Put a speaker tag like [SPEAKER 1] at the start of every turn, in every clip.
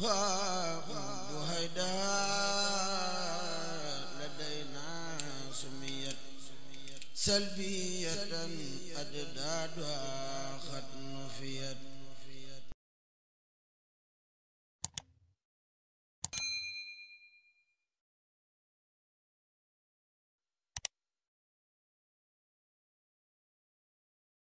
[SPEAKER 1] لدينا سميت سلبية أدداد قد نفيت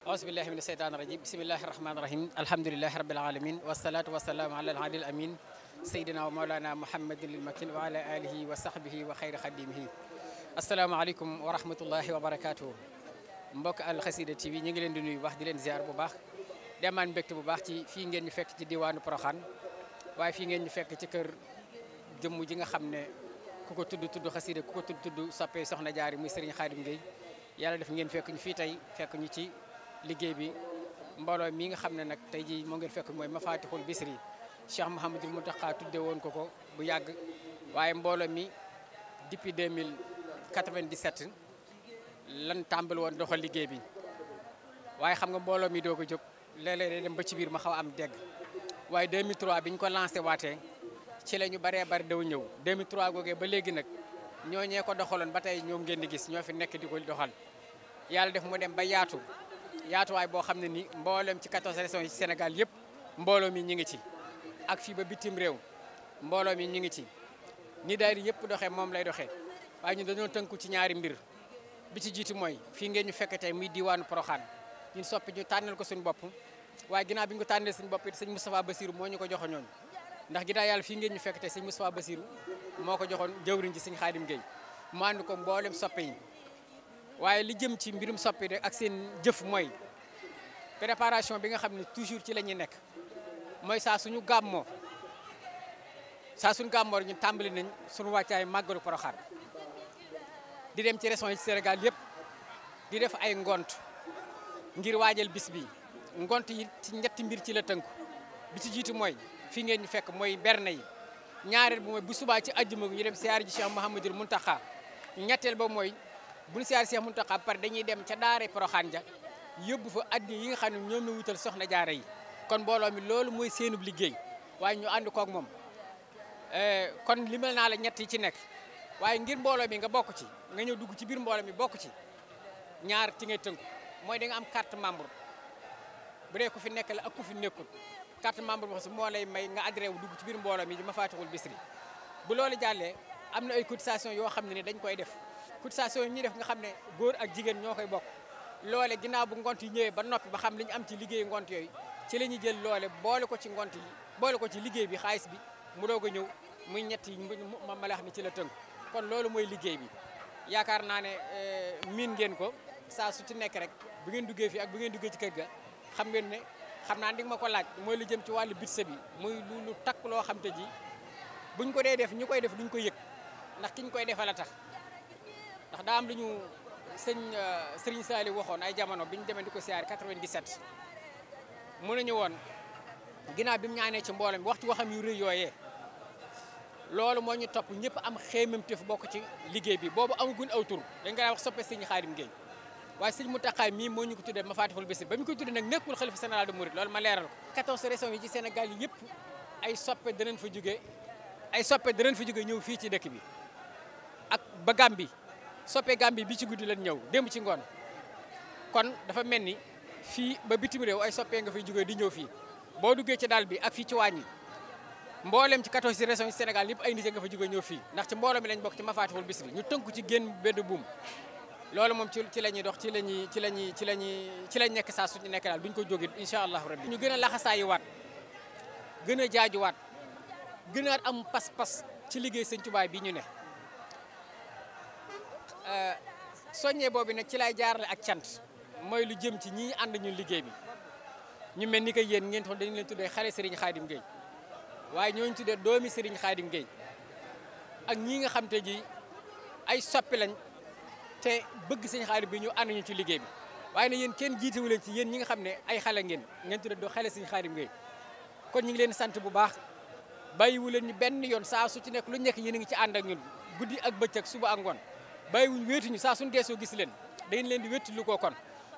[SPEAKER 2] أعوذ بالله من الشيطان الرجيم بسم الله الرحمن الرحيم الحمد لله رب العالمين والصلاة والسلام على العادل الأمين سيدنا ومولانا محمد المكين وعلى آله وصحبه وخير خديمه السلام عليكم ورحمة الله وبركاته مبوك الخسيدة تي في نيغلين دي نوي واخ دي لين زيار بو باخ دمان بكت بو باخ تي في نين ني فك تي واي في نين ني فك تي كير جيمو كوكو تود تود خسيدة كوكو تود تود سابي جاري موي خادم جي يالا داف نين فك ني في liggéey bi mbooloo mi nga xam ne nag tey jii moo ngeen fekk mooy ma mafaatixul bisri mu Mouhamadul Mountakha tudde woon ko ko bu yàgg waaye mbooloo mi depuis 2097 lan tàmbal woon doxal liggéey bi waaye xam nga mbooloo mi doog a jóg léeg-léeg dem ba ci biir ma xaw am dégg waaye 2003 bi biñ ko lancé waatee ci la ñu baree bari daw ñëw 2003 googee ba léegi nag ñoo ñee ko doxaloon ba tey ñoom ngeen di gis ñoo fi nekk di ko doxal yàlla def mu dem ba yaatu yaatuwaay boo xam ne nii mboolem ci 14 régions yi ci Sénégal yëpp mbooloo mi ñu ngi ci ak fii ba bitim réew mbooloo mi ñu ngi ci ni daayira yëpp doxee moom lay doxee waaye ñu dañoo tënku ci ñaari mbir bi ci jiitu mooy fii ngeen ñu fekk tey muy diwaanu proxaan ñun soppi ñu tànnal ko suñu bopp waaye ginnaaw bi ñu ko tànnal suñu bopp it sëñ Moustapha Bassirou moo ñu ko joxo ñooñu ndax ginnaaw yàlla fii ngeen ñu fekk tey sëñ Moustapha Bassirou moo ko joxoon jëwriñ ji sëñ Xaadim Gueye mu ànd ko mboolem soppe yi waaye li jëm ci mbirum soppi rek ak seen jëf mooy préparation bi nga xam ne toujours ci la ñuy nekk mooy saa suñu gàmmoo saa suñu gàmmoo ñu tàmbali nañ suñu wàccaay màggalu Porokhane di dem ci régions yi ci Sénégal yëpp di def ay ngont ngir waajal bis bi ngont yi ci ñetti mbir ci la tënku bi ci jiitu mooy fi ngeen ñu fekk mooy berne yi ñaareel bi mooy bu subaa ci àjjuma ñu dem siyaare ji Cheikh Mouhamadul Mountakha ñetteel ba mooy bu buñ siyaar Cheikh Mountakha pare dañuy dem ca daare Porokhane ja yóbbu fa addiya yi nga xam ne ñoom la wutal soxna jaar yi kon mbooloo mi loolu mooy seenub liggéey waaye ñoo ànd koog moom eh, kon limal naa la ñett yi ci nekk waaye ngir mbooloo mi nga bokk ci nga ñëw dugg ci biir mbooloo mi bokk ci ñaar ci ngay mooy da am carte membre bu dee fi nekk la ak ku fi nekkul carte membre boo xam moo lay may nga adhéré wu dugg ci biir mbooloo mi di ma faatixul bisri bu loolu jàllee am na ay cotisation yoo xam ne ne dañ koy def cotisation yi ñuy def nga xam ne góor ak jigéen ñoo koy bokk loole ginnaaw bu ngont yi ñëwee ba noppi ba xam li ñu am ci liggéey ngont yooyu ci la ñuy jël loole boole ko ci ngont yi boole ko ci liggéey bi xaalis bi mu doog a ñëw muy ñett yi ma la xam ne ci la tënk kon loole mooy liggéey bi yaakaar naa ne eh, miin ngeen ko saa su ci nekk rek bu ngeen duggee fi ak bu ngeen duggee ci kër ga xam ngeen ne xam naa di nga ma ko laaj mooy lu jëm ci wàllu budget bi muy lu lu takk loo xam ji buñ ko dee def ñu koy def duñ ko yëg ndax ki ñu koy defal a tax ndax daa am lu ñu sëñ euh, Serigne Sali waxoon ay jamono bi ñu demee di ko siyaare 97 mu ne ñu woon ginnaaw bi mu ñaanee ci mbooloo mi wax ci waxam yu rëy yooyee loolu moo ñu topp ñëpp am xéemam teef bokk ci liggéey bi boobu amaguñ aw tur dañ nga wax soppe sëñ Xaadim Gueye waaye sëñ Mountakha mii moo ñu ko tuddee Mafatihul Bichri ba mu ko tuddee nag nekkul xalifa général de Mouride loolu ma leeral ko 14 régions yi ci Sénégal yëpp ay soppe danañ fa jóge ay soppe danañ fa jóge ñëw fii ci dëkk bi ak ba Gàmbi soppe Gambie bi ci guddi leen ñëw démb ci ngoon kon dafa mel ni fii ba bitim réew ay soppe nga fay jógee di ñëw fii boo duggee ci daal bi ak fii ci wàññi mboolem ci 14 régions yi Sénégal yëpp ay nit nga fa jógee ñëw fii ndax ci mbooloo mi lañ bokk ci mafaatixul bis bi ñu tënku ci génn benn buum loolu moom ci ci la ñuy dox ci la ñuy ci la ñuy ci la ñuy ci lañ nekk saa suñu nekk daal duñ ko jógee incha allahu rabbi ñu gën a laxasaayi waat gën a jaajuwaat gën a am pas-pas ci liggéey sëñ bi ñu ne soññee boobu nag ci laay jaarale ak cant mooy lu jëm ci ñii ànd ñun liggéey bi ñu mel ni que yéen ngeen toog dañu leen tuddee xale Serigne Khadim Gueye waaye ñooñu tuddee doomi Serigne Khadim Gueye ak ñii nga xam te ji ay soppi lañ te bëgg Serigne Khadim bi ñu ànd ñu ci liggéey bi waaye na yéen kenn jiitewu leen ci yéen ñi nga xam ne ay xale ngeen ngeen tuddee doo xale Serigne Khadim Gueye kon ñu ngi leen sant bu baax bàyyiwu wuleen ñu benn yoon saa su ci nekk lu nekk yéen a ngi ci ànd ak ñun guddi ak bëccëg suba ak ngoon bàyyiwuñ wéetuñu saa dee soo gis leen da leen di wéttilu lu ko kon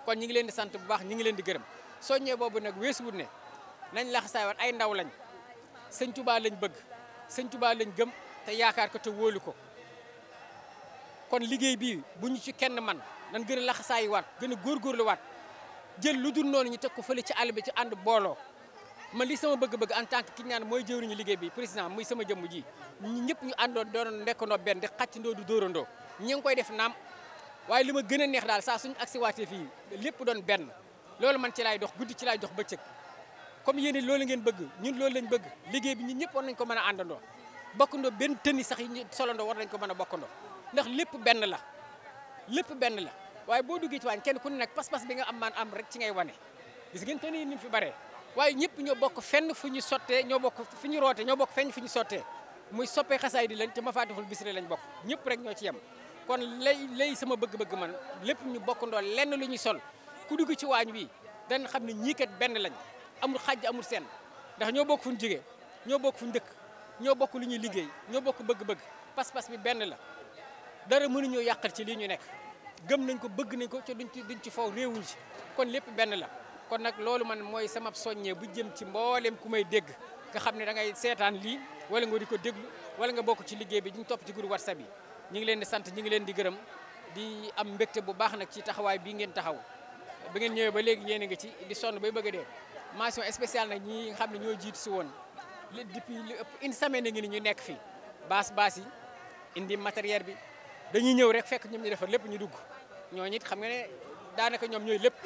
[SPEAKER 2] kon ñi ngi leen di sant bu baax ñi ngi leen di gërëm soo ñee boobu nag weesuwut ne nañ la xasaay wat ay ndaw lañ sëñ Tuubaa lañ bëgg sëñ Tuubaa lañ gëm te yaakaar ko te wóolu ko kon liggéey bii bu ñu ci kenn man nan gën a laxasaayi waat gën a góorgóorlu waat jël lu dul noonu ñu teg ko fële ci àll bi ci ànd booloo man li sama bëgg-bëgg en tant que ki ñaan mooy jëwriñu liggéey bi président muy sama jëmm ji ñu ñëpp ñu àndoon doon nekkandoo benn di xàccandoo du dóorandoo ñi ngi koy def naam waaye li ma gën a neex daal saa suñu agsi waatee fii lépp doon benn loolu man ci laay dox guddi ci laay dox bëccëg comme yéen loolu ngeen bëgg ñun loolu lañ bëgg liggéey bi ñun ñëpp war nañ ko mën a àndandoo bokkandoo benn tëni sax yi ñu solandoo war nañ ko mën a bokkandoo ndax lépp benn la lépp benn la waaye boo duggee kenn ku ne nag pas-pas bi nga am maan am rek ci ngay wane gis fi bare waaye ñëpp ñoo bokk fenn fu ñu sottee ñoo bokk fu ñu rootee ñoo bokk fenn fu ñu sottee muy soppee xasaay di lañ te ma faa deful bisri lañ bokk ñëpp rek ñoo ci yem kon lay lay sama bëgg-bëgg man lépp ñu bokk ndool lenn lu ñuy sol ku dugg ci waañ wi dañ xam ne ñii kat benn lañ amul xàjj amul seen ndax ñoo bokk fu ñu jógee ñoo bokk fu ndëkk ñoo bokk lu ñuy liggéey ñoo bokk bëgg-bëgg pas-pas bi benn la dara mënuñoo yàqal ci lii ñu nekk gëm nañ ko bëgg nañ ko ci duñ ci duñ ci faw réewuñ ci kon lépp benn la kon nag loolu man mooy sama soññee bu jëm ci mboolem ku may dégg nga xam ne da ngay seetaan lii wala nga di ko déglu wala nga bokk ci liggéey bi ñu topp ci groupe whatsapp yi ñu ngi leen di sant ñu ngi leen di gërëm di am mbégte bu baax nag ci taxawaay bii ngeen taxaw ba ngeen ñëwee ba léegi yéen a ngi ci di sonn bay bëgg a dee mention spéciale nag ñi nga xam ne ñoo jiitu si li depuis li ëpp une semaine ngi ñu nekk fii baas baas yi indi matériel bi dañuy ñëw rek fekk ñoom ñu defar lépp ñu dugg ñooñu it xam nga ne daanaka ñoom ñooy lépp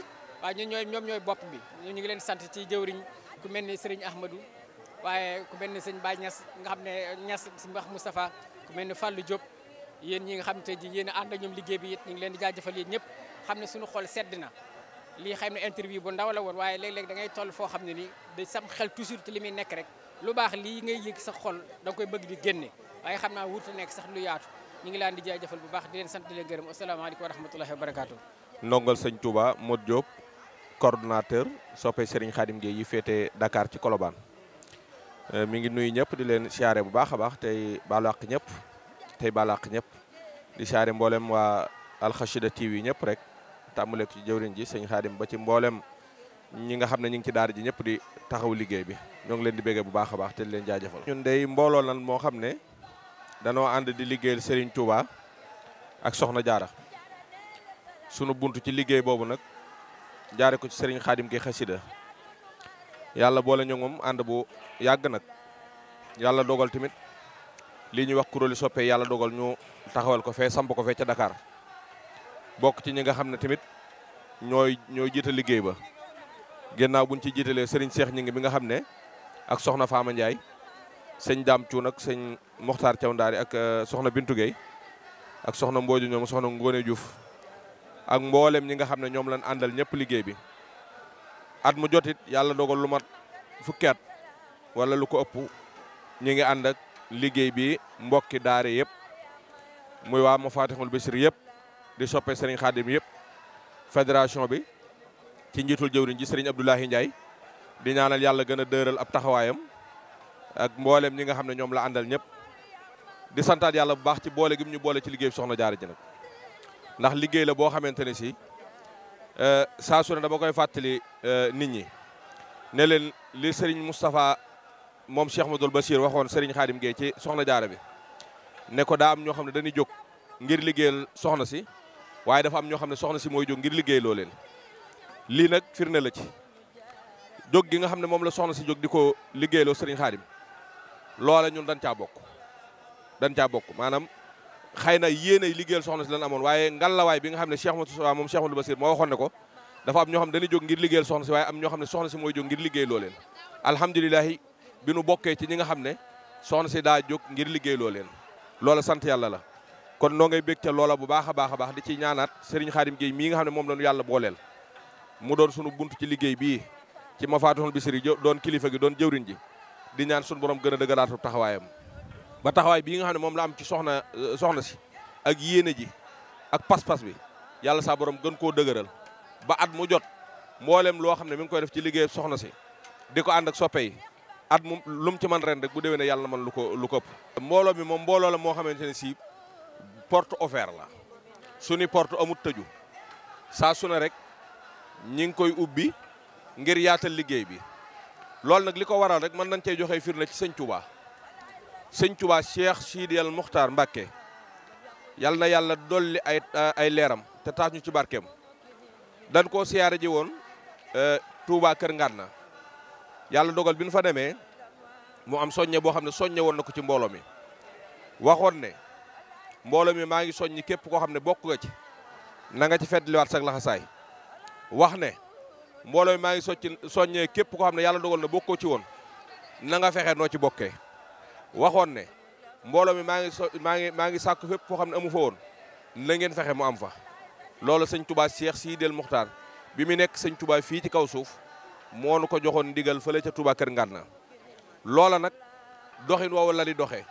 [SPEAKER 2] waaye ñun ñooy ñoom ñooy bopp bi ñu ngi leen sant ci jëwriñ ku mel ni Serigne Ahmadou waaye ku mel ni sëñ Baye Niass nga xam ne ñas Niass Mbax Moustapha ku mel ni Fallou Diop yéen ñi nga xam te ji yéen a ànd liggéey bi it ñu ngi leen di jaajëfal yéen ñëpp xam ne suñu xol sedd na lii xam ne interview bu ndaw la woon waaye léeg-léeg da ngay toll foo xam ne nii da sam xel toujours ci li nekk rek lu baax lii ngay yëg sa xol da koy bëgg di génne waaye xam naa wuute nekk sax lu yaatu ñu ngi laan di jaajëfal bu baax di leen sant di leen gërëm asalaamaaleykum wa rahmatulahi wa barakaatu
[SPEAKER 3] ndongal sëñ Touba Modou Diop Koordinator soppe Serigne Khadim dié yi fété Dakar ci euh mi ngi nuyu ñëpp di leen siyaare bu baaxa baax tay balak ñëpp tay baalu ñëpp di siyaare wa al khashida TV ñëpp rek tamulé ci jëwriñ ji serigne Khadim ba ci mboolem ñi nga xamné ñi ngi ci daara ji ñëpp di taxaw liggéey bi ñoo ngi leen di béggee bu baaxa baax té leen jaajeufal ñun day mbolo lan mo xamné ne and di liggéeyal Serigne Touba ak Soxna Jaara sunu buntu ci liggéey bobu nak jaare ko ci sëriñ xaadim gi xasida yàlla boole ñu moom ànd bu yàgg nag yàlla dogal tamit lii ñuy wax kuréelu soppee yàlla dogal ñu taxawal ko fee samp ko fee ca dakaar bokk ci ñi nga xam ne tamit ñooy ñooy jiite liggéey ba ginnaaw buñ ci jiitalee sëriñ Cheikh ñi ngi bi nga xam ne ak soxna Faama Ndiaye sëñ Daam Cuun ak sëñ Moxtaar Thiaw Ndaari ak euh, soxna Bintu Gueye ak soxna Mbooju ñoom soxna Ngóone Diouf ak mboolem ñi nga xam ne ñoom lañ àndal ñëpp liggéey bi at mu jotit yàlla dogal lu mat fukki wala lu ko ëpp ñi ngi ànd ak liggéey bi mbokki daare yëpp muy waa mu Mafatihul Bichri yëpp di soppe Serigne Khadim yëpp fédération bi ci njiitul jëwriñ ji Serigne Abdoulahi Ndiaye di ñaanal yàlla gën a dëral ab taxawaayam ak mboolem ñi nga xam ne ñoom la àndal ñëpp di santaat yàlla bu baax ci boole gi mu ñu boole ci liggéey bi soxna jaara ji nag ndax liggéey la boo xamante ne si euh, saa su ne dama koy fàttali euh, nit ñi ne leen li sëriñ Moustapha moom Cheikh Madul Basir waxoon Serigne Khadim Gueye ci soxna jaara bi nekko daa am ñoo xam ne dañuy jóg ngir liggéeyal soxna si waaye dafa am ñoo xam ne soxna si mooy jóg ngir liggéey loo leen lii nag firne la ci jóg gi nga xam ne moom la soxna si jóg di ko liggéeyloo Serigne Khadim loola ñun dañ caa bokk dañ caa bokk maanaam xëy na yéen ay liggéeyal soxna si lan amoon waaye ngalawaay bi nga xam ne Cheikh Moustapha moom Cheikh Amadou moo waxoon ko dafa am ñoo xam ne dañuy jóg ngir liggéeyal soxna si waaye am ñoo xam ne soxna si mooy jóg ngir liggéey loo leen alhamdulilahi bi nu bokkee ci ñi nga xam ne soxna si daa jóg ngir liggéey loo leen loola sant yàlla la kon noo ngay bég ca loola bu baax a baax a baax di ci ñaanaat Serigne Khadim Gueye mii nga xam ne moom lañu yàlla booleel mu doon sunu bunt ci liggéey bii ci ma faatoxol bi sëriñ doon kilifa gi doon jëwriñ ji di ñaan sunu borom gën a dëgëraatu taxawaayam ba taxawaay bii nga xam ne moom la am ci soxna euh, soxna si ak yéene ji ak pas-pas bi yàlla saa borom gën koo dëgëral ba at mu jot mboolem loo xam ne mu ngi koy def ci liggéey soxna si di ko ànd ak soppe at mu lu mu ci man ren rek bu déwénee yàlla na man lu ko lu ko ëpp mbooloo mi moom mbooloo la moo xamante ne si porte ouverte la suñu porte amut tëju saa sune rek ñi ngi koy ubbi ngir yaatal liggéey bi loolu nag li ko waral rek mën nañ cey joxe firnde ci sëñ Touba sëñ Tuubaa Cheikh Sidi al Muxtaar mbakke yal na yàlla dolli ay ay leeram te taas ñu ci barkeem dañ koo siyaare ji woon eh, Touba Kër na yàlla dogal bi nu fa demee moo am soññe boo xam ne soññe woon na ko ci mbooloo mi waxoon ne mbooloo mi maa ngi soññi képp koo xam ne bokk nga ci na nga ci feddliwaat sax laxasaay wax ne mbooloo maa ngi socc soññee képp koo xam ne yàlla dogal na bokkoo ci woon na nga fexe noo ci bokkee waxoon ne mbooloo mi maa ngi so maa ngi maa ngi sàkku fépp foo xam ne amu fa woon na ngeen fexe mu am fa loolu sëñ tubaa Cheikh Sidel Muxtaar bi mu nekk sëñ tubaa fii ci kaw suuf moo nu ko joxoon ndigal fële ca tubaa kër ngànna loola nag doxin woowu la di doxe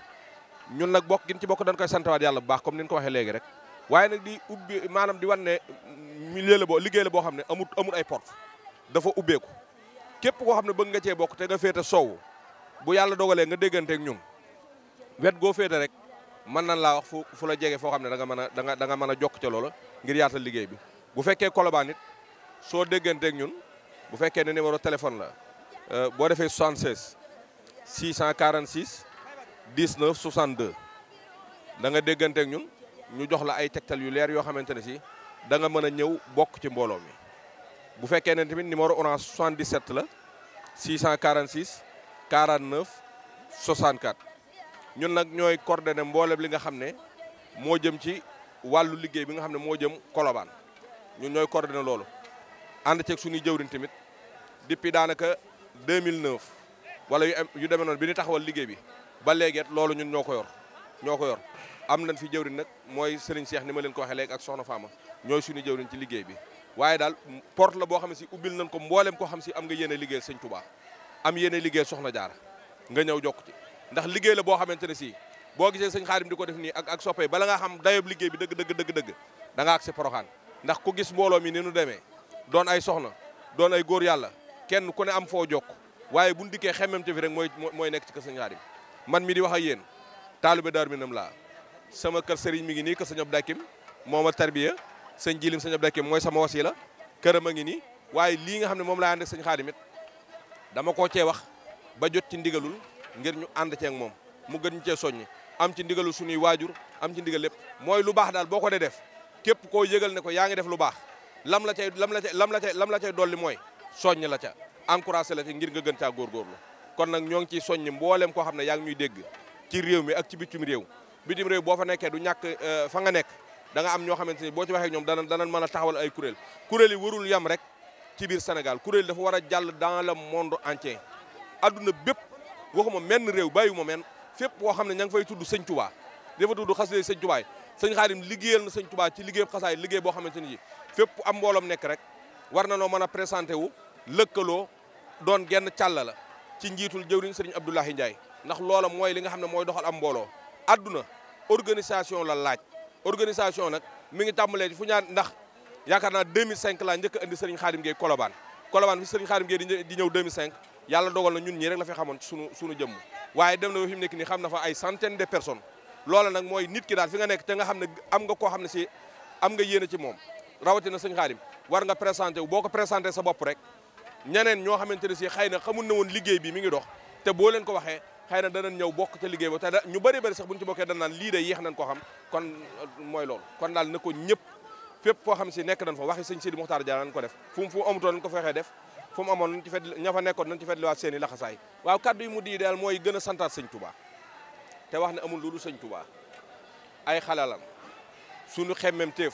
[SPEAKER 3] ñun nag bokk gin ci bokk dañ koy santawaat yàlla bu baax comme ni ñu ko waxee léegi rek waaye nag di ubbi maanaam di wan ne milieu la boo liggéey la boo xam ne amut amut ay porte dafa ubbeeku képp koo xam ne bëgg nga cee bokk te nga féete soow bu yàlla dogalee nga dégganteek ñun wet goo féete rek mën nañ laa wax fu fu la jege foo xam ne da nga mën a da nga mën a jokk ca loola ngir yaatal liggéey bi bu fekkee Colobane soo dégganteeg ñun bu fekkee ne numéro téléphone la euh, boo defee 76 646 19 62 da nga dégganteeg ñun ñu jox la ay tegtal yu leer yoo xamante ne si da nga mën a ñëw bokk ci mbooloo mi bu fekkee ne tamit numéro orange 77 la 646 49 64 ñun nag ñooy coordonné mboolem li nga xam ne moo jëm ci wàllu liggéey bi nga xam ne moo jëm kolobaan ñun ñooy coordonné loolu ànd ceeg suñuy jëwriñ tamit depuis daanaka 2009 wala yu yu demee noonu bi ñu taxawal liggéey bi ba léegi loolu ñun ñoo ko yor ñoo ko yor am nañ fi jëwriñ nag mooy Serigne Cheikh ni ma leen ko waxee léegi ak Soxna Fama ñooy suñu jëwriñ ci liggéey bi waaye daal porte la boo xam ne si ubbil nañ ko mboolem koo xam si am nga yéene liggéeyal Sëñ Touba am yéene liggéeyal Soxna Jaara nga ñëw jokk ci ndax liggey la bo xamanteni ne si boo gisee sëñ xaadim di def ni ak ak soppe bala nga xam dayob liggey bi deug deug deug deug da nga ak si ndax ku gis mbolo mi ni nu démé doon ay soxna doon ay gor yalla kenn ku ne am fo jokk waye buñ dikkee xemmemte fi rek moy moy nek ci kër sëñ xaadim man mi di wax ak yeen talibé dar mi nam la sama kër sëriñ mi ngi ni kër seigne abdakim moma tarbiya seigne jilim seigne abdakim moy sama wasila këram ma ngi ni waye li nga xamne mom la and seigne khadim it dama ko ci wax ba jot ci ndigalul ngir ñu ànd ceeg moom mu gën ñu cee soññi am ci ndigalu suñuy waajur am ci ndigal lépp mooy lu baax daal boo ko dee def képp koo yëgal ne ko yaa ngi def lu baax lam la cay lam la cay lam la cay lam la cay dolli mooy soññ la ca encouragé la ca ngir nga gën góor góorgóorlu kon nag ñoo ngi ciy soññi mbooleem koo xam ne yaa ngi ñuy dégg ci réew mi ak ci bitim réew bi bitim réew boo fa nekkee du ñàkk euh, fa nga nekk danga am ñoo xamante ni boo ci waxee ñoom dana dana mën a taxawal ay kuréel kuréel yi warul yam rek ci biir Sénégal kuréel dafa war a jàll dans le monde entier adduna bépp waxuma menn réew bàyyiwuma menn fépp boo xam ne ña ngi fay tudd sëñ Tuubaa dafa tudd xasida sëñ Tuubaa sëñ Xaadim na sëñ Tuubaa ci liggéey xasaay liggéey boo xamante ni ji fépp am mbooloom nekk rek war na noo mën a présenté wu lëkkaloo doon genn càll la ci njiitul jëwriñ sëriñ Abdoulahi Ndiaye ndax loola mooy li nga xam ne mooy doxal am mbooloo adduna organisation la laaj organisation nag mi ngi tàmbalee ci fu ñaan ndax yaakaar naa 2005 laa njëkk a indi sëriñ Xaadim Gueye Colobane Colobane fi sëriñ Xaadim Gueye di ñëw 2005 yàlla dogal na ñun ñi rek la fi xamoon ci sunu sunu jëmm waaye dem na ba fi mu nekk nii xam na fa ay centaine de personnes loola nag mooy nit ki daal fi nga nekk te nga xam ne am nga koo xam ne si am nga yéene ci moom rawatina sëñ Xaadim war nga présenté wu boo ko sa bopp rek ñeneen ñoo xamante ne si xëy na xamul na woon liggéey bi mi ngi dox te boo leen ko waxee xëy na danañ ñëw bokk ca liggéey ba te ñu bëri bëri sax buñu ci bokkee dañ naan lii de ko xam kon euh, mooy loolu kon daal na ko ñëpp fépp foo xam si nekk nañ fa waxi sëñ Sidi Muxtaar Jaa nañ ko def fu mu fu amutoon nañ ko fexee def fu mu amoon nañ ci fet ña fa nekkoon nañ ci fetliwaat seen i laxasaay waaw kaddu yi mu di daal mooy gën a santaat sëñ tubaa te wax ne amul loolu sëñ tubaa ay xalalam suñu xemmem téef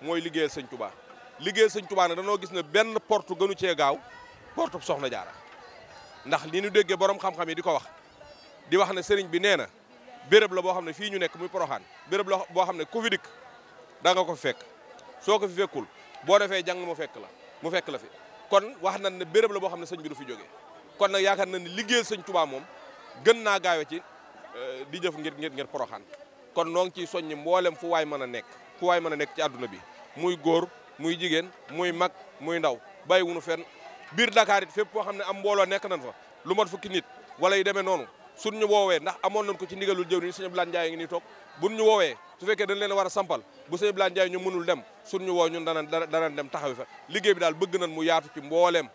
[SPEAKER 3] mooy liggéeyal sëñ tubaa liggéeyal sëñ tubaa nag danoo gis ne benn porte gënu cee gaaw porte soxna jaara ndax li nu déggee borom xam-xam yi di ko wax di wax ne sëriñ bi nee na béréb la boo xam ne fii ñu nekk muy poroxaan béréb la boo xam ne ku fi dikk da nga ko fi fekk soo ko fi boo defee jàng mu fekk la mu fekk la fi kon wax nañ ne béréb la boo xam ne sañ bi du fi jógee kon nag yaakaar na ne liggéeyal sëñ Tuubaa moom gën naa gaawe ci euh, di jëf ngir ngir ngir poroxaan kon noo ngi ciy soññi mboolem fu waay mën a nekk fu waay mën a nekk ci aduna bi muy góor muy jigéen muy mag muy ndaw bàyyi wunu fenn biir Dakar it fépp foo xam ne am mbooloo nekk nañ fa lu mat fukki nit wala yu demee noonu suñ ñu woowee ndax amoon nañ ko ci ndigalul jëw ni sëñ Abdoulaye Ndiaye ngi nii toog buñ ñu woowee su fekkee dañ leen war a sampal bu sëñ Abdoulaye Ndiaye ñu mënul dem suñ ñu woow ñun dana danañ dem taxawi fa liggéey bi daal bëgg nañ mu yaatu ci mbooleem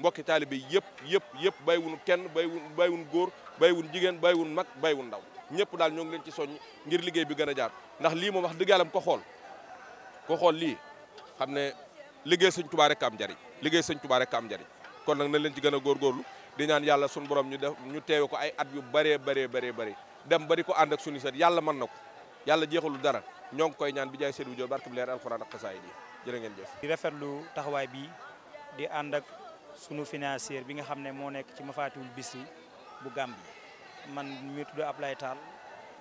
[SPEAKER 3] mbokki taalibe yëpp yëpp yëpp bàyyiwun kenn bay bàyyiwun góor bàyyiwun jigéen bay bàyyiwun mag bàyyiwun ndaw ñëpp daal ñoo ngi leen ci soññ ngir liggéey bi gën a jaar ndax lii moom wax dëgg yàlla ko xool ko xool lii xam ne liggéey sëñ Tuubaa rek am njariñ liggéey sëñ Tuubaa rek am njariñ kon nag na leen ci gën a góorgóorlu di ñaan yàlla suñu borom ñu def ñu teewe ko ay at yu bëree bare bëree bëri dem bari ko ànd ak suñu set yàlla mën na ko yàlla jeexul dara ñoo ngi koy ñaan bi jaay seen wujjoo barke bi leer alxuraan ak xasaayid yi jërë ngeen jëf. di rafetlu taxawaay bii di ànd ak
[SPEAKER 1] sunu financier bi nga xam ne moo nekk ci ma Mafaatihul Bichri bu Gambie man mi tudd Ablaye Tall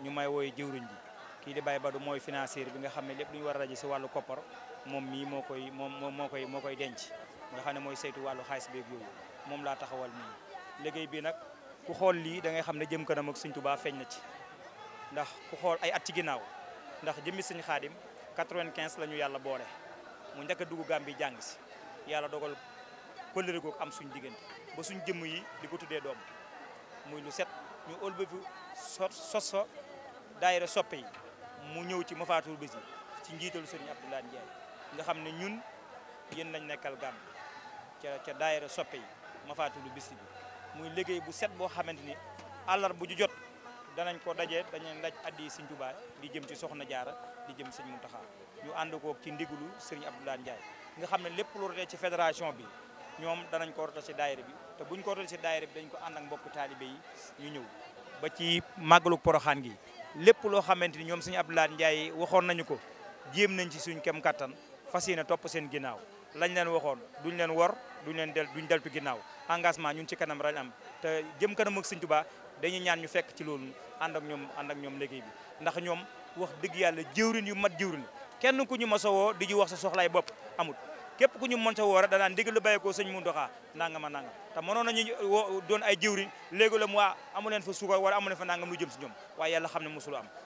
[SPEAKER 1] ñu may wooye jëwriñ ji kii di Baye Badou mooy financier bi nga xam ne lépp lu ñu war a rajo si wàllu koppar moom mii moo koy moom moo koy moo koy denc nga xam mooy saytu wàllu xaalis beeg yooyu moom laa taxawal liggéey bi nag ku xool lii da ngay xam ne jëm kanam ak sëñ Tuubaa feeñ na ci ndax ku xool ay at ci ginnaaw ndax jëmmi sëñ Xaadim 95 la ñu yàlla boole mu njëkk a dugg Gàmbi jàng si yàlla dogal kóllëre googu am suñ diggante ba suñ jëmm yi di ko tuddee doom muy lu set ñu ëlbëfu so soso fa daayira mu ñëw ci mafaatul bés yi ci njiitalu sëriñ Abdoulaye Ndiaye nga xam ne ñun yéen lañ nekkal Gàmbi ca ca daayira soppe yi mafaatul bés bi muy liggéey bu set boo xamante ni àllar bu ju jot danañ ko dajee dañuy daj addi Sëñ Tuubaa di jëm ci Soxna Jaara di jëm Sëñ Muntaxa ñu ànd ko ci ndigulu Serigne Abdoulaye Ndiaye nga xam ne lépp lu rotee ci fédération bi ñoom danañ ko rotal ci daayira bi te buñ ko rotal ci daayira bi dañ ko ànd ak mbokk taalibe yi ñu ñëw ba ci màggalu poroxaan gi lépp loo xamante ni ñoom Sëñ Abdoulaye Ndiaye waxoon nañu ko jéem nañ si suñ kem kattan fas yéene topp seen ginnaaw lañ leen waxoon duñ leen wor duñ leen del duñ tu ginnaw engagement ñun ci kanam rañ am te jëm kanam ak Sëñ tuba dañuy ñaan ñu fekk ci loolu and ak ñom and ak ñom liggey bi ndax ñom wax deug yalla jëwrin yu mat jëwrin kenn ku ñu mosa wo di ci wax sa soxlay bop amut kep ku ñu mënta wo woo rek danaan ndigal lu bayeko ko sëñ Muntaxa nangam nangam te mëno nañu doon ay jëwriñ léegi la mu amu leen fa suukar wala amu leen fa nangam lu jëm ci ñom waaye yalla xamne am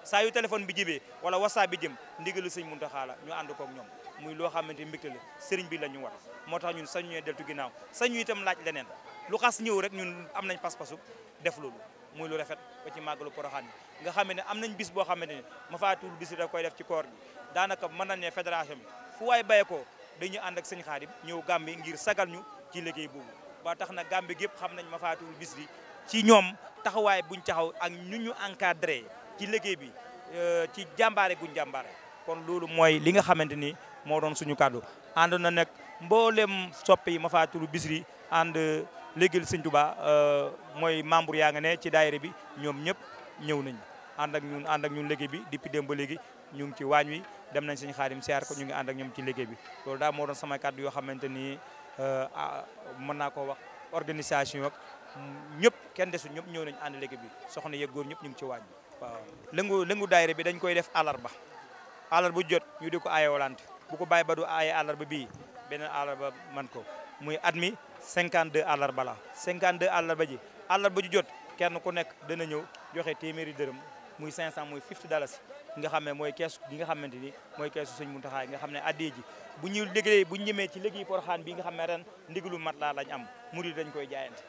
[SPEAKER 1] sa yu téléphone bi jibe wala whatsapp bi jëm la ñu ko ak ñom muy loo xamante mbégte la sëriñ bi la ñu war moo tax ñun sañu ñee deltu ginnaaw sañu itam laaj leneen lu xas ñëw rek ñun am nañ pas-pasu def loolu muy lu rafet ba ci màggalu poroxaan nga xamante am nañ bis boo xamante ne ma fatul bis da koy def ci koor gi daanaka mën nañ ne fédération bi fu waay bayee ko dañu ànd ak sëñ xaadim ñëw Gambie ngir sagal ñu ci liggéey boobu ba tax na Gambie gépp xam nañ ma fatul bis bi ci ñoom taxawaay buñ taxaw ak ñu ñu encadré ci liggéey bi euh, ci jàmbaare guñ jàmbaare kon loolu mooy li nga xamante ni moo doon suñu kàddu ànd na nag mboolem soppe yi ma faatulu Bichri ànd léegil Sëñ Tuubaa euh, mooy membre yaa nga ne ci daayira bi ñoom ñëpp ñëw nañ ànd ak ñun ànd ñun liggéey bi depuis dem ba léegi ñu ngi ci waañ wi dem nañ Sëñ Xaadim siyaar ko ñu ngi ànd ak ñoom ci liggéey bi loolu daal moo doon sama kàddu yoo xamante ni euh, ah, mën naa koo wax organisation ak ñëpp kenn desul ñëpp ñëw nañ ànd léegi bi soxna yeeg góor ñëpp ñu ngi ci waañ bi waaw lëngu lëngu daayira bi dañ koy def ba alarba bu jot ñu di ko aayewalante bu ko bàyyi ba du aaye àllarba bii beneen àllarba man ko muy at mi 52 bala la 52 àllarba ji àllarba ju jot kenn ku nekk dana ñëw joxe téeméeri dërëm muy 500 muy 50 dalasi nga xam ne mooy keesu gi nga xamante ni mooy keesu sëñ Muntaxa nga xam ne addee ji bu ñu liggéey bu ñu ñëmee ci liggéey Poroxaan bi nga xam ne ren ndigalu mat laa lañ am murid dañ koy jaayante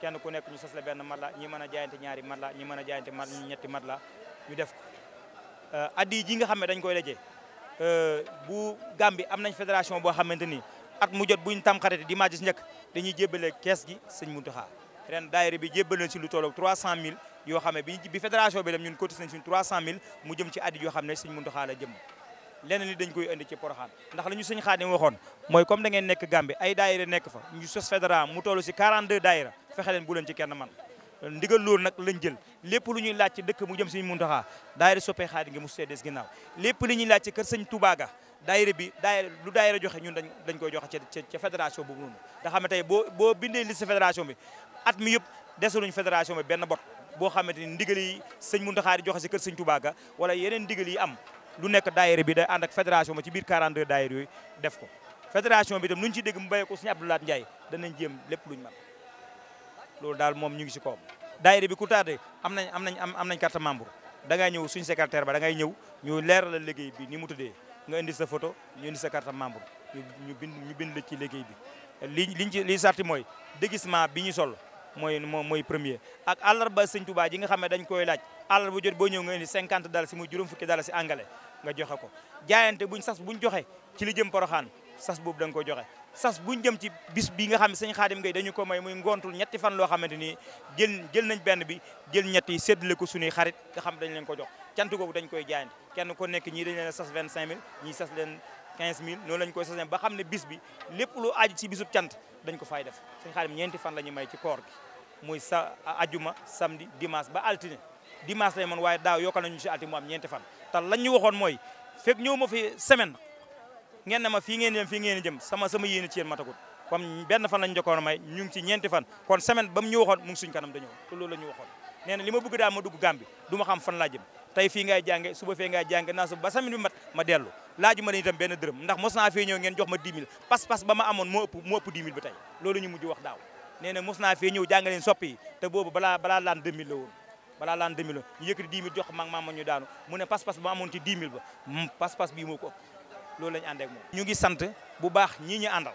[SPEAKER 1] kenn ku nekk ñu sas la benn mat la ñi mën a jaayante ñaari mat la ñi mën a jaayante mat ñetti mat la ñu def ko euh, ji nga xam ne dañ koy dajee Euh, bu Gambie am nañ fédération boo xamante ni at mu jot buñ tamxarit di dimanche njëkk dañuy jébbale kees gi sëñ Muntaxa ren daayira bi jébbal nañ si lu tolloog 300000 yoo xam ne bi bi fédération bi dem ñun cotisé nañ suñ 300000 mu ci addi yoo xam ne sëñ Muntaxa la jëm leneen li dañ koy indi ci Porokhane ndax la ñu sëñ Xaadim waxoon mooy comme da nekk Gambie ay daayira nekk fa ñu sos fédéral mu toll si 42 daayira fexe leen bu leen ci kenn man ndigal loolu nag lañ jël lépp lu ñuy laaj ci dëkk mu jëm suñu xaa daayira soppee xaadi nga mu seddes ginnaaw lépp li ñuy laaj ci kër sëñ Touba ga daayira bi daayira lu daayira joxe ñun dañ dañ koy joxe ca ca fédération boobu noonu nga xam ne tey boo boo bindee liste fédération bi at mu yëpp desaluñ fédération bi benn bot boo xamante ni ndigal yi sëñ muntaxaa di joxe si kër sëñ Touba ga wala yeneen ndigal yi am lu nekk daayira bi day ànd ak fédération bi ci biir 42 daayira yooyu def ko fédération bi itam ñu ci dégg mu béyee ko suñu Abdoulaye Ndiaye danañ jéem lépp luñ mën loolu daal moom ñu ngi si koom daayira bi ku tardé am nañ am nañ am nañ carte membre da ñëw suñ secrétaire ba da ngay ñëw ñu leer la liggéey bi ni mu tuddee nga indi sa photo ñu indi sa carte membre ñu bind ñu bind la ci léggéey bi li liñ ci li sarti mooy déguisement bi ñu sol mooy mooy premier ak àllarba sëñ Touba ji nga xam ne dañ koy laaj àllarba bu jot boo ñëw nga indi cinquante daal si muy juróom fukki daal si angale nga joxe ko jaayante buñ sas buñ joxe ci li jëm poro xaan sas boobu da nga ko joxe sas buñ jëm ci bis bi nga xam ne sëñ Xaadim Gueye dañu ko may muy ngontul ñetti fan loo xamante ni jël jël nañ benn bi jël ñetti séddale ko suñuy xarit nga xam dañ leen ko jox cant googu dañ koy jaayante kenn ko nekk ñii dañ leen sas 25000 ñii sas leen 15000 noonu lañ koy sasee ba xam ne bis bi lépp lu aaj ci bisub cant dañ ko fay def sëñ Xaadim ñeenti fan la ñu may ci koor gi muy sa ajuma samedi dimanche ba altine dimanche lay moon waaye daaw yokkal nañu si altine mu am ñeenti fan te lañ ñu waxoon mooy fekk ñëw ma fi semaine ngeen ne ma fii ngeen jëm fii ngeen jëm sama sama yéene ci yéen matagut comme benn fan lañ jokkoon may ñu ngi ci fan kon semaine ba mu ñu waxoon mu ngi suñ kanam dañoo te loolu la ñu waxoon nee li ma bëgg daal ma dugg Gàmbi du ma xam fan laa jëm tey fii ngay suba fee ngay jànge naa suba ba semaine bi mat ma dellu laaju ma leen itam benn dërëm ndax mos naa fee ñëw ngeen jox ma 10 000 pas-pas ba ma amoon ñu mujj wax soppi yi boobu balaa balaa laan 2000 la woon balaa laan 2000 la ñu yëkkati 10 000 jox mag maam ñu daanu ma amoon ci 10 loolu lañu ànd ak moom. ñu ngi sant bu baax ñii ñu àndal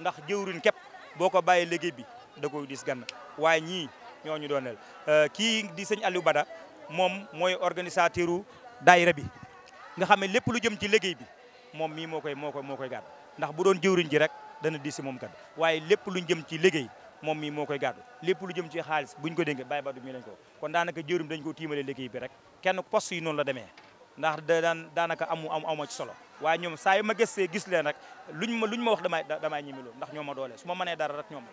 [SPEAKER 1] ndax jëwriñ képp boo ko bàyyee liggéey bi da koy dis gann waaye ñii ñoo ñu dooneel euh, kii di sëñ Aliou Bada moom mooy organisateur u daayira bi nga xam ne lépp lu jëm ci liggéey bi moom mii moo koy moo koy moo koy gàddu ndax bu doon jëwriñ ji rek dana di moom kat waaye lépp lu jëm ci liggéey moom mii moo koy gàddu lépp lu jëm ci xaalis buñ ko dénkee bàyyi ba du mii lañ ko kon daanaka jëwriñ dañ ko tiimale liggéey bi rek kenn post yi noonu la demee ndax daan daanaka amu am amu ci solo waaye ñoom saa yu ma gëstee gis leen rek luñ ma luñ ma wax damay damay ñimiloo ndax ñoo ma doole su ma mënee dara rek ñoom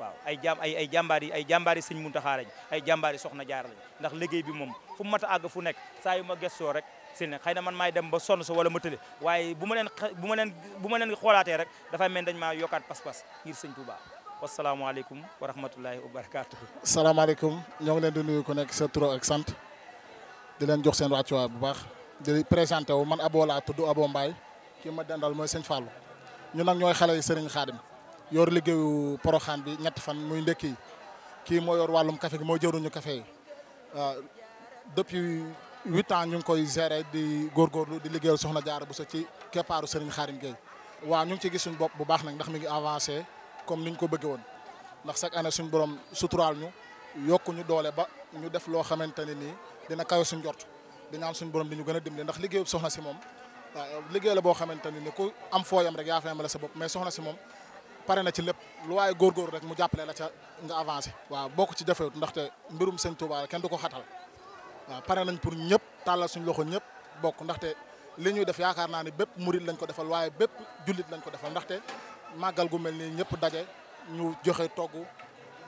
[SPEAKER 1] waaw ay jàmm ay ay jàmbaar yi ay jàmbaar yi sëñ Muntaxa lañ ay jàmbaar soxna jaar lañ ndax liggéey bi moom fu mat a àgg fu nekk saa yu ma gëstoo rek si ne xëy na man maay dem ba sonn sa wala ma tële waaye bu ma leen bu ma leen bu ma leen xoolaatee rek dafa mel dañ maa yokkaat pas-pas ngir sëñ Touba wasalaamaaleykum wa rahmatulahi wa barakaatu.
[SPEAKER 4] salaamaaleykum ñoo ngi leen di nuyu ko nekk sa tur ak sant di leen jox seen wàccuwaay bu baax di présenté wu man Abo laa tudd Abo Mbaye kii ma dendal mooy sëñ Fallou ñu nag ñooy xale yi Serigne Khadim yor liggéeyu Porokhane bi ñetti fan muy ndekki yi kii moo yor wàllum kafe gi moo jëruñu kafe yi ah, depuis huit ans ñu ngi koy gérer di góor góorgóorlu di liggéeyal Soxna jaar bu Bousso ci keppaaru sëriñ Khadim Gueye waaw ñu ngi ci gis suñu bopp bu baax nag ndax mi ngi avancé comme ni ñu ko bëggee woon ndax chaque année suñ borom suturaal ñu yokku ñu doole ba ñu def loo xamante ne nii dina kawe suñ jort di ñaan suñu borom di ñu gën a dimbali ndax liggéeyu soxna si moom waaw liggéey la boo xamante ni ku am fooyam rek yaa fa yemale sa bopp mais soxna si moom pare na ci lépp lu waaye góorgóor rek mu jàppale la ca nga avancé waaw bokk ci jafewut ndaxte mbirum sëñ Touba kenn du ko xatal waaw pare nañ pour ñëpp tàllal suñu loxo ñëpp bokk ndaxte li ñuy def yaakaar naa ni bépp murit lañ ko defal waaye bépp jullit lañ ko defal ndaxte màggal gu mel nii ñëpp daje ñu joxe togg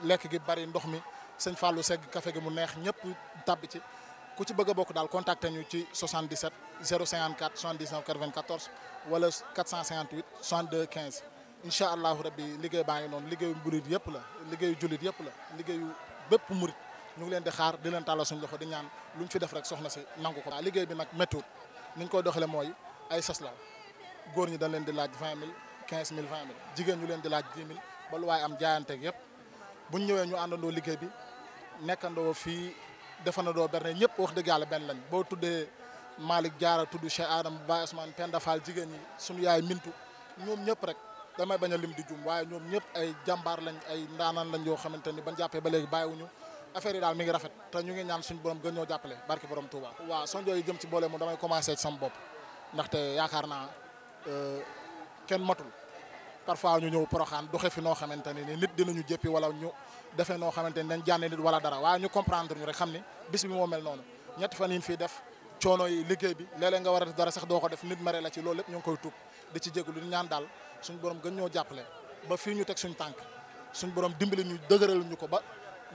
[SPEAKER 4] lekk gi bari ndox mi sëñ Fallou segg café gi mu neex ñëpp tàbbi ci ku ci bëgg bokk daal ñu ci 77 054 79 94 wala 458 62 15 incha allahu rabbi liggéey baangi non noonu liggéeyu yépp la liggéeyu jullit yépp la liggéeyu bëpp mourid ñu ngi leen di xaar di leen tàllal suñu loxo di ñaan luñ fi def rek soxna ci nangu ko. liggéey bi nak méttuut ni ñu koy doxalee mooy ay sas la góor ñi dañ leen di laaj 20000 15000 20000 jigeen ñu leen di laaj 10000 ba lu way am jaayanteeg yëpp bu ñu ñëwé ñu àndandoo liggéey bi nekkando fi doo berne ñëpp wax dëgg yàlla benn lañ boo tuddee Malick Diarra tudd Cheikh Adam Ba Ousmane Penda Fall jigéen ñi suñu yaay Mintu ñoom ñëpp rek damay bañ a lim di jum waaye ñoom ñëpp ay jàmbaar lañ ay ndaanaan lañ yoo xamante ni ban jàppee ba léegi bàyyiwuñu affaire yi daal mi ngi rafet te ñu ngi ñaan suñu borom gën ñoo jàppale barki borom Touba. waaw sonjo yi jëm ci boole mu damay commencé ci sama bopp ndaxte yaakaar naa euh, kenn matul parfois ñu ñëw poroxaan doxe fi noo xamante ni nit dinañu jéppi wala ñu defee noo xamante ni dañ jànne nit wala dara waaye ñu comprendre ñu rek xam ni bis bi moo mel noonu ñetti fan yi fii def coono yi liggéey bi léeg nga war a def dara sax doo ko def nit mere la ci loolu lépp ñu koy tuub di ci jégalu ñu ñaan daal suñu borom gën ñoo jàppale ba fii ñu teg suñ tànk suñu borom dimbali ñu dëgëral ñu ko ba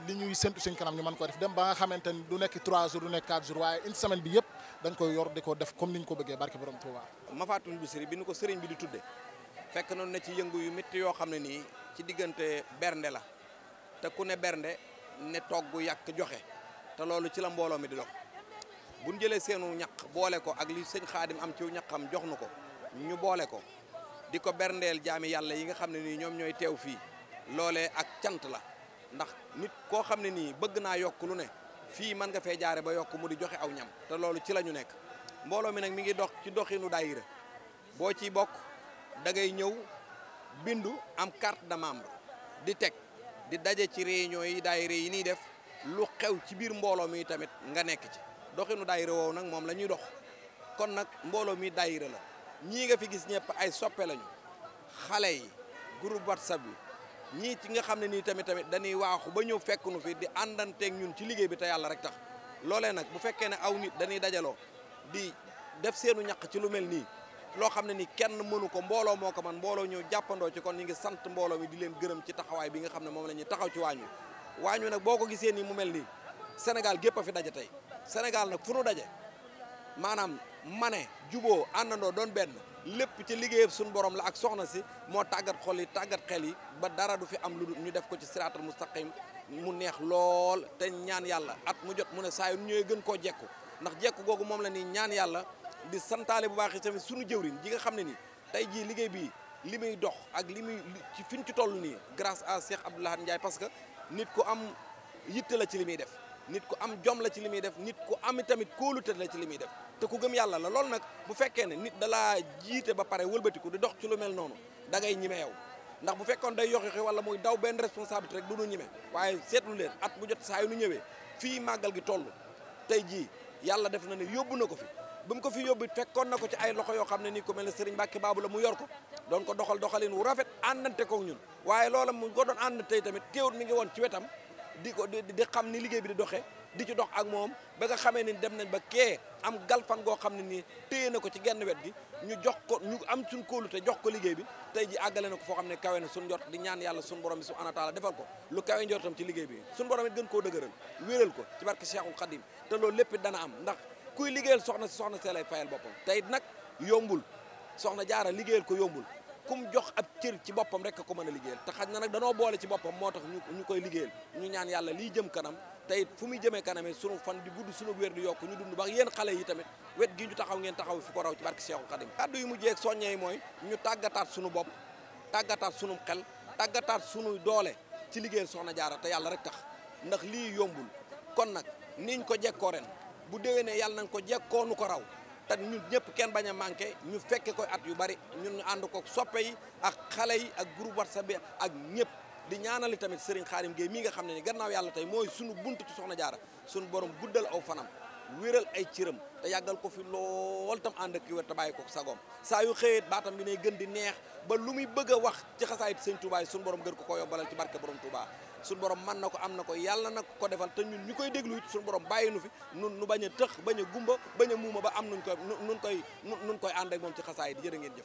[SPEAKER 4] li ñuy séntu suñ kanam ñu mën ko def dem ba nga xamante ni du nekk 3 jours du nekk 4 jours waaye une semaine yëpp dañ koy yor di ko def comme ko bëggee barke borom Touba. Mafatul
[SPEAKER 5] Bichri ko sëriñ bi di tudde fekk noonu na ci yëngu yu métti yoo xam ne nii ci diggante bernde la te ku ne bernde ne togg yàq joxe te loolu ci la mbooloo mi di dox bu ñu jëlee seenu ñaq boole ko ak li sëñ xaadim am ci ñaqam jox nu ko ñu boole ko di ko berndeel jaami yàlla yi nga xam ne nii ñoom ñooy teew fii loole ak cant la ndax nit koo xam ne nii bëgg naa yokk lu ne fii mën nga fee jaare ba yokk mu di joxe aw ñam te loolu ci la ñu nekk mbooloo mi nag mi ngi dox ci doxinu daayira boo ci bokk da ngay ñëw bindu am carte de membre di teg di daje ci réunion yi daayira yi nii def lu xew ci biir mbooloo mi tamit nga nekk ci doxinu daayira woowu nag moom la ñuy dox kon nag mbooloo mi daayira la ñii nga fi gis ñëpp ay soppe lañu xale yi groupe whatsapp yi ñii ci nga xam ne nii tamit tamit dañuy waaxu ba ñëw fekk nu fi di àndanteeg ñun ci liggéey bi te yàlla rek tax loolee nag bu fekkee ne aw nit dañuy dajaloo di def seenu ñaq ci lu mel nii lo xamne ni kenn mënu ko mbooloo moo man mbolo ñu jappando ci kon ñi ngi sante mbolo mi di leen gëreem ci taxaway bi nga xamne mom lañu taxaw ci wañu wañu nak boko gisee ni mu melni senegal sénégal fi daje tey sénégal nag fu nu daje maanaam mane jubo àndandoo doon benn lépp ci liggéeyam suñu borom la ak soxna si mo tagat xol yi tagat xel yi ba dara du fi am lu ñu def ko ci siratul mustaqim mu neex lool te ñaan yalla at mu jot mu ne saay ñoy gën ko jekku ndax jekku gogum mom la ni ñaan yalla di santaale bu baax tamit suñu jëwriñ ji nga xam ne ni tey jii liggéey bi li muy dox ak li muy ci fi ci toll nii grâce à Cheikh Abdou Lahad Ndiaye parce que nit ku am yitte la ci li muy def nit ku am jom la ci li muy def nit ku am tamit kóolute la ci li muy def te ku gëm yàlla la loolu nag bu fekkee ne nit dalaa jiite ba pare wëlbatiku di dox ci lu mel noonu dangay ngay ñime yow ndax bu fekkoon day yoxi wala muy daw benn responsabilité rek du ñu ñime waaye seetlu leen at bu jot saa yu nu ñëwee fii màggal gi toll tey jii yàlla def na ne yóbbu na ko fi ba mu ko fi yóbbu fekkoon na ko ci ay loxo yoo xam ne nii ku mel ne Serigne Mbacke Babou la mu yor ko doon ko doxal doxalin wu rafet àndante koog ñun waaye loola mu ko doon ànd tey tamit teewut mi ngi woon ci wetam di ko di xam ni liggéey bi di doxee di ci dox ak moom ba nga xamee ni dem nañ ba kee am galfan goo xam ne nii téye na ko ci genn wet gi ñu jox ko ñu am suñ kóolute jox ko liggéey bi tey ji àggale na ko foo xam ne kawe na suñ njort di ñaan yàlla suñ borom bi subhanahu wa taala defal ko lu kawe njortam ci liggéey bi suñ borom it gën koo dëgëral wéeral ko ci barke Cheikhul Khadim te loolu lépp dana am ndax kuy liggéeyal soxna si soxna see lay fayal boppam tey nag yombul soxna jaara liggéeyal ko yombul kum jox ab cër ci boppam rek ko mën a liggéeyal te xaj na nag danoo boole ci boppam moo tax ñu koy liggéeyal ñu ñaan yàlla liy jëm kanam tey fu muy jëmee kanam sunu fan di gudd sunu wér di yokk ñu dund ba yéen xale yi tamit wet gi ñu taxaw ngeen taxaw fu ko raw ci barke Seexu Xadim kàddu yu mujjee ak soññe yi mooy ñu tàggataat sunu bopp tàggataat sunu xel tàggataat sunu doole ci liggéeyal soxna jaara te yàlla rek tax ndax lii yombul kon nag niñ ko jekkoo ren bu ne yàlla nañ ko jekkoo nu ko raw te ñu ñëpp kenn bañ a manqué ñu fekkee koy at yu bari ñun ñu ànd ko soppe yi ak xale yi ak groupe WhatsApp bi ak ñëpp di ñaanali tamit Serigne Khadim Gueye mii nga xam ne ni gannaaw yàlla tey mooy sunu bunt ci soxna jaara sunu borom guddal aw fanam wéral ay cëram te yàggal ko fi lool tam ànd ak wér te bàyyi ko sagoom saa yu xëyet baatam bi ne gën di neex ba lu muy bëgg a wax ci xasaayit Sëñ Touba sunu borom gën ko ko yombalal ci barke borom Touba suñu borom mën na ko am na ko yàlla na ko defal te ñun ñu koy déglu it suñu borom bàyyi nu fi nun nu bañ a tëx bañ a gumba bañ a muuma ba am nuñ koy nun koy nun koy ànd ak moom ci xasaay di jërë
[SPEAKER 1] ngeen jëf